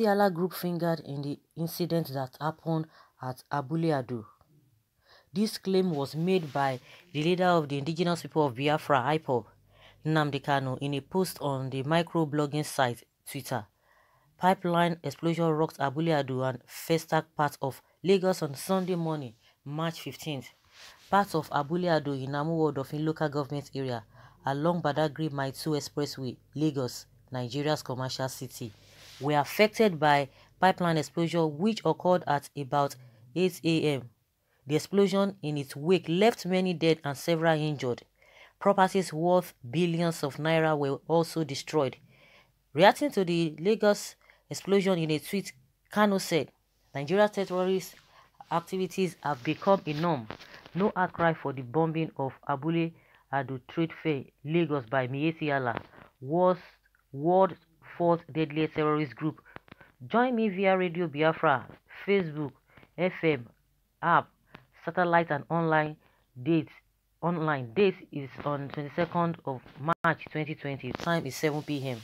Isiala group fingered in the incident that happened at Abule This claim was made by the leader of the indigenous people of Biafra, IPO, Nnamdi Kanu, in a post on the microblogging site Twitter. Pipeline explosion rocked Abule and Festac part of Lagos on Sunday morning, March 15th. Parts of Abule Ado in Namu Ward of in local government area along Badagry Maitsu Expressway, Lagos, Nigeria's commercial city were affected by pipeline explosion which occurred at about 8 a.m. The explosion in its wake left many dead and several injured. Properties worth billions of naira were also destroyed. Reacting to the Lagos explosion in a tweet, Kano said, Nigeria's terrorist activities have become a norm. No outcry for the bombing of Abule Adu Trade Fair, Lagos by Mieti Allah. World fourth deadliest terrorist group. Join me via Radio Biafra, Facebook, FM, app, satellite and online dates. Online date is on 22nd of March 2020. Time is 7 p.m.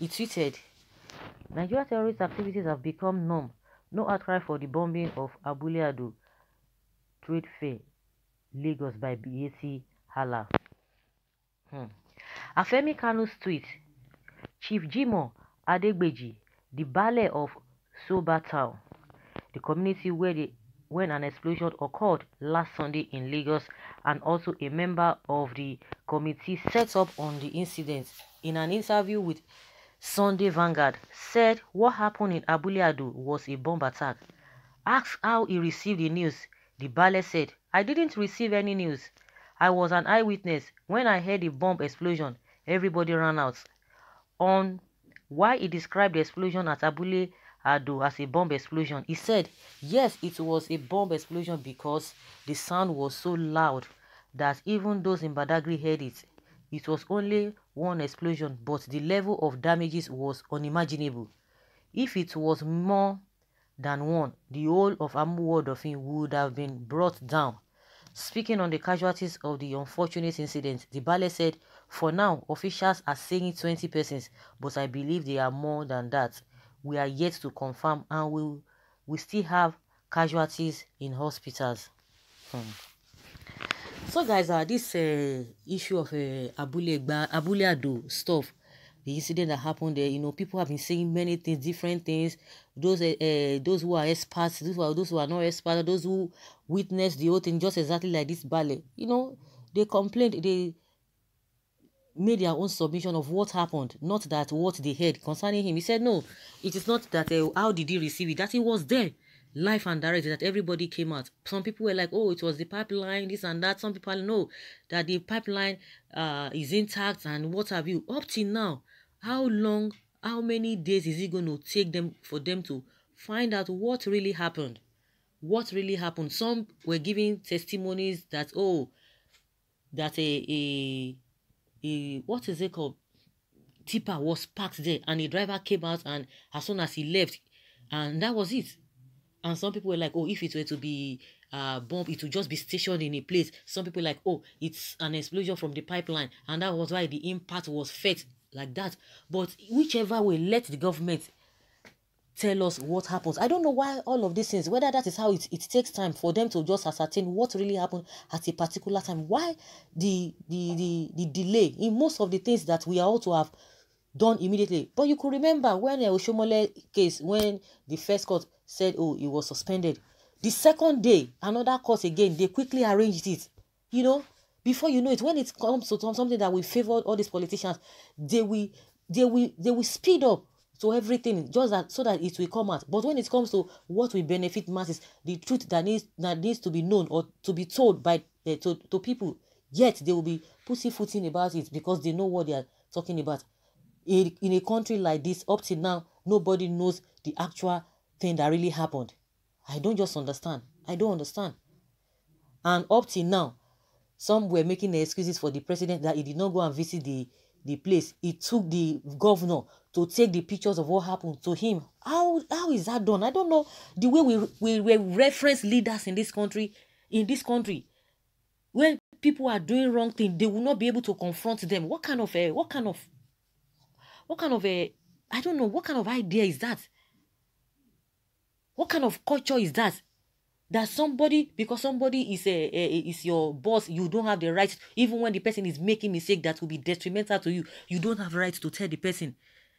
He tweeted, Nigeria terrorist activities have become norm. No outcry for the bombing of Abuleado Trade Fair, Lagos by BAC Hala. Hmm. Afemi Kanu's tweet Chief Jimo Adegbeji, the ballet of Soba Town, the community where the, when an explosion occurred last Sunday in Lagos, and also a member of the committee set up on the incident, in an interview with Sunday Vanguard, said what happened in Abuliadu was a bomb attack. Asked how he received the news, the ballet said, I didn't receive any news. I was an eyewitness. When I heard the bomb explosion, everybody ran out on why he described the explosion at Abule Ado as a bomb explosion. He said, yes, it was a bomb explosion because the sound was so loud that even those in Badagry heard it. It was only one explosion, but the level of damages was unimaginable. If it was more than one, the whole of Amuwa Dolphin would have been brought down Speaking on the casualties of the unfortunate incident, the ballet said, For now, officials are saying 20 persons, but I believe they are more than that. We are yet to confirm and we, we we still have casualties in hospitals. Hmm. So guys, uh, this uh, issue of uh, Abule, Abule Ado stuff, the incident that happened there, you know, people have been saying many things, different things. Those uh, uh, those who are experts, those who are, those who are not experts, those who witnessed the whole thing just exactly like this ballet. You know, they complained, they made their own submission of what happened, not that what they heard concerning him. He said, no, it is not that uh, how did he receive it, that he was there. life and direct that everybody came out. Some people were like, oh, it was the pipeline, this and that. Some people know that the pipeline uh, is intact and what have you. Up till now, how long, how many days is it going to take them for them to find out what really happened? What really happened? Some were giving testimonies that, oh, that a, a, a what is it called? Tipper was parked there and the driver came out and as soon as he left, and that was it and some people were like, oh, if it were to be uh, bomb, it would just be stationed in a place. Some people like, oh, it's an explosion from the pipeline. And that was why the impact was felt like that. But whichever way, let the government tell us what happens. I don't know why all of these things, whether that is how it, it takes time for them to just ascertain what really happened at a particular time. Why the the the, the delay in most of the things that we are all to have done immediately. But you could remember when the eh, Oshomole case, when the first court said, oh, he was suspended. The second day, another court again, they quickly arranged it. You know, before you know it, when it comes to something that will favor all these politicians, they will, they will, they will speed up to everything just that so that it will come out. But when it comes to what will benefit masses, the truth that needs that needs to be known or to be told by uh, to, to people, yet they will be pussyfooting about it because they know what they are talking about in, in a country like this, up till now, nobody knows the actual thing that really happened. I don't just understand. I don't understand. And up till now, some were making excuses for the president that he did not go and visit the, the place. He took the governor to take the pictures of what happened to him. How, how is that done? I don't know. The way we, we, we reference leaders in this country, in this country, when people are doing wrong thing, they will not be able to confront them. What kind of uh, what kind of What kind of a, I don't know, what kind of idea is that? What kind of culture is that? That somebody, because somebody is a, a, is your boss, you don't have the right, even when the person is making mistake that will be detrimental to you, you don't have right to tell the person.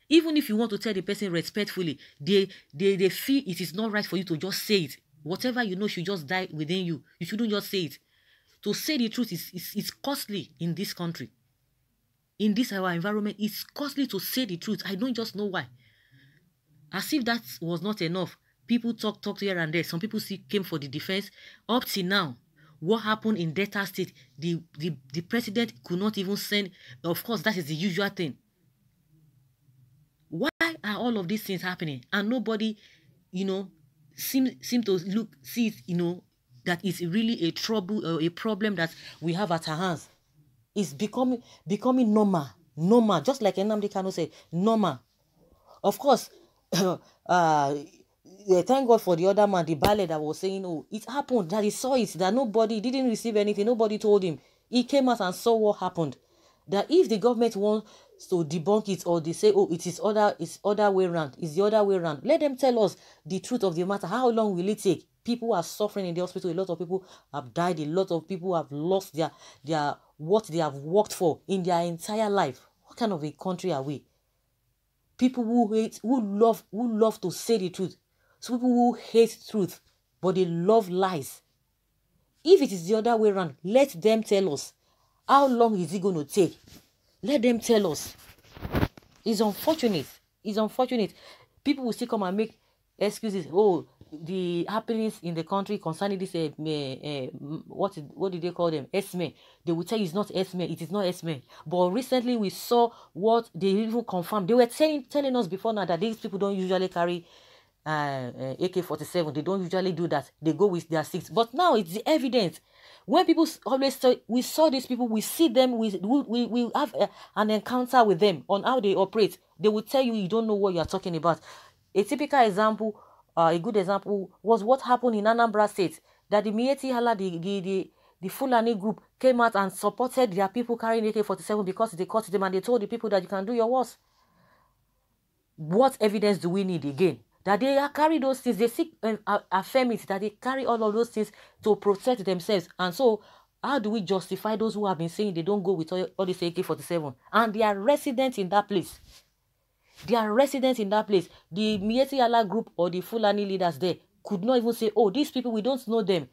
Even if you want to tell the person respectfully, they, they, they feel it is not right for you to just say it. Whatever you know should just die within you. You shouldn't just say it. To say the truth is, is, is costly in this country in this our environment it's costly to say the truth i don't just know why as if that was not enough people talk talk here and there some people still came for the defense up till now what happened in delta state the the the president could not even send of course that is the usual thing why are all of these things happening and nobody you know seem seem to look see it you know that is really a trouble uh, a problem that we have at our hands is becoming becoming normal normal just like Nnamdi Kanu say normal of course uh, eh, thank God for the other man the ballet that was saying oh it happened that he saw it that nobody didn't receive anything nobody told him he came out and saw what happened that if the government wants to debunk it or they say oh it is other it's other way around it's the other way around let them tell us the truth of the matter how long will it take people are suffering in the hospital a lot of people have died a lot of people have lost their their what they have worked for in their entire life what kind of a country are we people who hate who love who love to say the truth so people who hate truth but they love lies if it is the other way around let them tell us how long is it going to take let them tell us it's unfortunate it's unfortunate people will still come and make excuses oh the happenings in the country concerning this uh, uh, what what do they call them esme they will tell you it's not esme is not esme but recently we saw what they even confirmed they were telling telling us before now that these people don't usually carry uh, uh, AK-47 they don't usually do that they go with their six but now it's the evidence when people always say we saw these people we see them we we, we have a, eh, an encounter with them on how they operate they will tell you you don't know what you are talking about a typical example uh, a good example was what happened in Anambra State that the Mieti Hala, the, the, the, the Fulani group, came out and supported their people carrying AK 47 because they caught them and they told the people that you can do your worst. What evidence do we need again? That they are carry those things, they seek um, and uh, affirm it, that they carry all of those things to protect themselves. And so, how do we justify those who have been saying they don't go with all, all this AK 47 and they are residents in that place? their residents in that place, the Mieti Allah group or the Fulani leaders there, could not even say, oh, these people, we don't know them.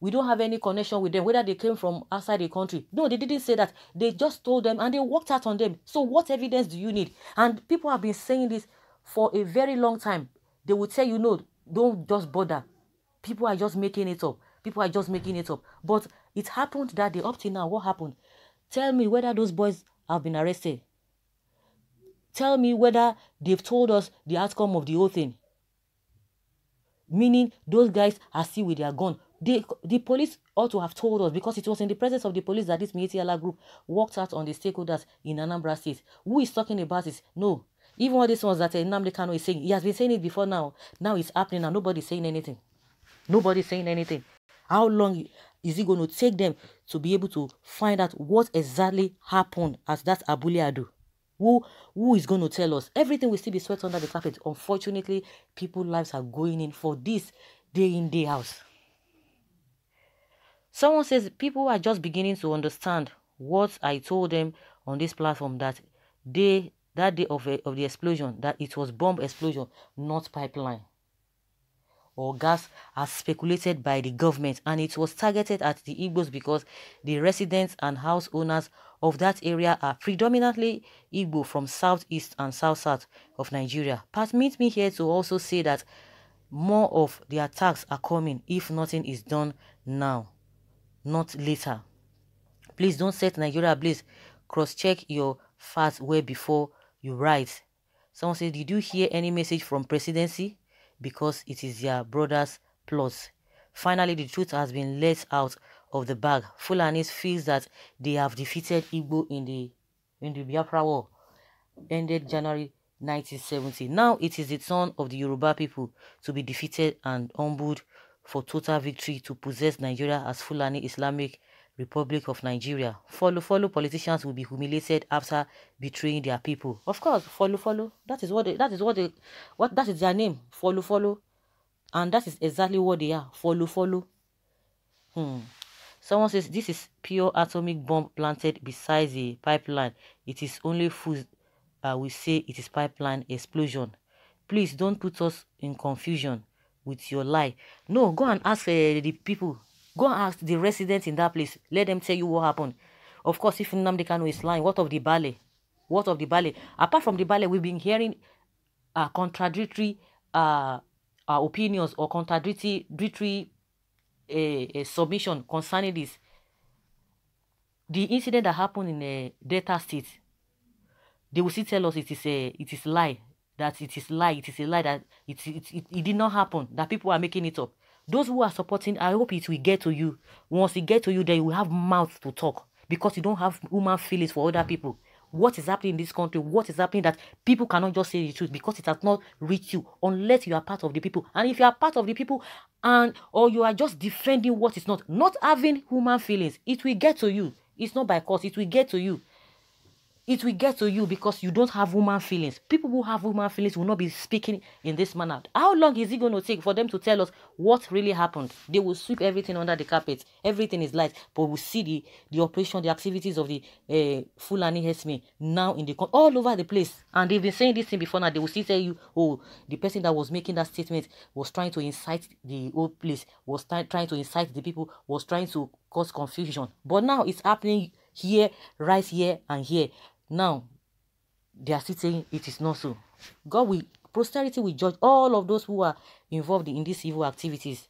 We don't have any connection with them, whether they came from outside the country. No, they didn't say that. They just told them and they walked out on them. So what evidence do you need? And people have been saying this for a very long time. They would say, you know, don't just bother. People are just making it up. People are just making it up. But it happened that they Up till now, what happened? Tell me whether those boys have been arrested tell me whether they've told us the outcome of the whole thing. Meaning those guys are still with their gun. They, the police ought to have told us because it was in the presence of the police that this Mietiala group walked out on the stakeholders in Anambra State. Who is talking about this? No. Even all these ones that uh, Kano is saying, he has been saying it before now. Now it's happening and nobody's saying anything. Nobody's saying anything. How long is it going to take them to be able to find out what exactly happened at that Abuliado? Who who is going to tell us? Everything will still be swept under the carpet. Unfortunately, people's lives are going in for this day in day out. Someone says people are just beginning to understand what I told them on this platform that day, that day of, of the explosion that it was bomb explosion, not pipeline or gas as speculated by the government and it was targeted at the Igbos because the residents and house owners of that area are predominantly Igbo from southeast and south-south of Nigeria. Permit me here to also say that more of the attacks are coming if nothing is done now, not later. Please don't set Nigeria ablaze. Cross-check your facts where before you write. Someone said, did you hear any message from presidency? Because it is your brother's plots. Finally, the truth has been let out of the bag. Fulanis feels that they have defeated Igbo in the in the Biafra War, ended January 1970. Now it is the turn of the Yoruba people to be defeated and humbled for total victory to possess Nigeria as Fulani Islamic Republic of Nigeria. Follow, follow politicians will be humiliated after betraying their people. Of course, follow, follow. That is what they, that is what they, what that is their name. Follow, follow. And that is exactly what they are. Follow, follow. Hmm. Someone says this is pure atomic bomb planted beside the pipeline. It is only fools uh, we say it is pipeline explosion. Please don't put us in confusion with your lie. No, go and ask uh, the people. Go and ask the residents in that place. Let them tell you what happened. Of course, if Nnamdi Kanu is lying, what of the ballet? What of the ballet? Apart from the ballet, we've been hearing uh, contradictory uh, uh, opinions or contradictory uh, submission concerning this. The incident that happened in a eh, Delta State, they will still tell us it is a it is lie that it is lie it is a lie that it it, it, it did not happen that people are making it up. Those who are supporting, I hope it will get to you. Once it get to you, then you will have mouth to talk because you don't have human feelings for other people what is happening in this country, what is happening that people cannot just say the truth because it has not reached you unless you are part of the people. And if you are part of the people and or you are just defending what is not, not having human feelings, it will get to you. It's not by cause, it will get to you it will get to you because you don't have woman feelings. People who have woman feelings will not be speaking in this manner. How long is it going to take for them to tell us what really happened? They will sweep everything under the carpet. Everything is light. But we see the, the operation, the activities of the uh, Fulani Hesme now in the all over the place. And they've been saying this thing before now. They will still tell you, oh, the person that was making that statement was trying to incite the whole place, was trying to incite the people, was trying to cause confusion. But now it's happening here, right here, and here. Now, they are still saying it is not so. God will, posterity will judge all of those who are involved in these evil activities.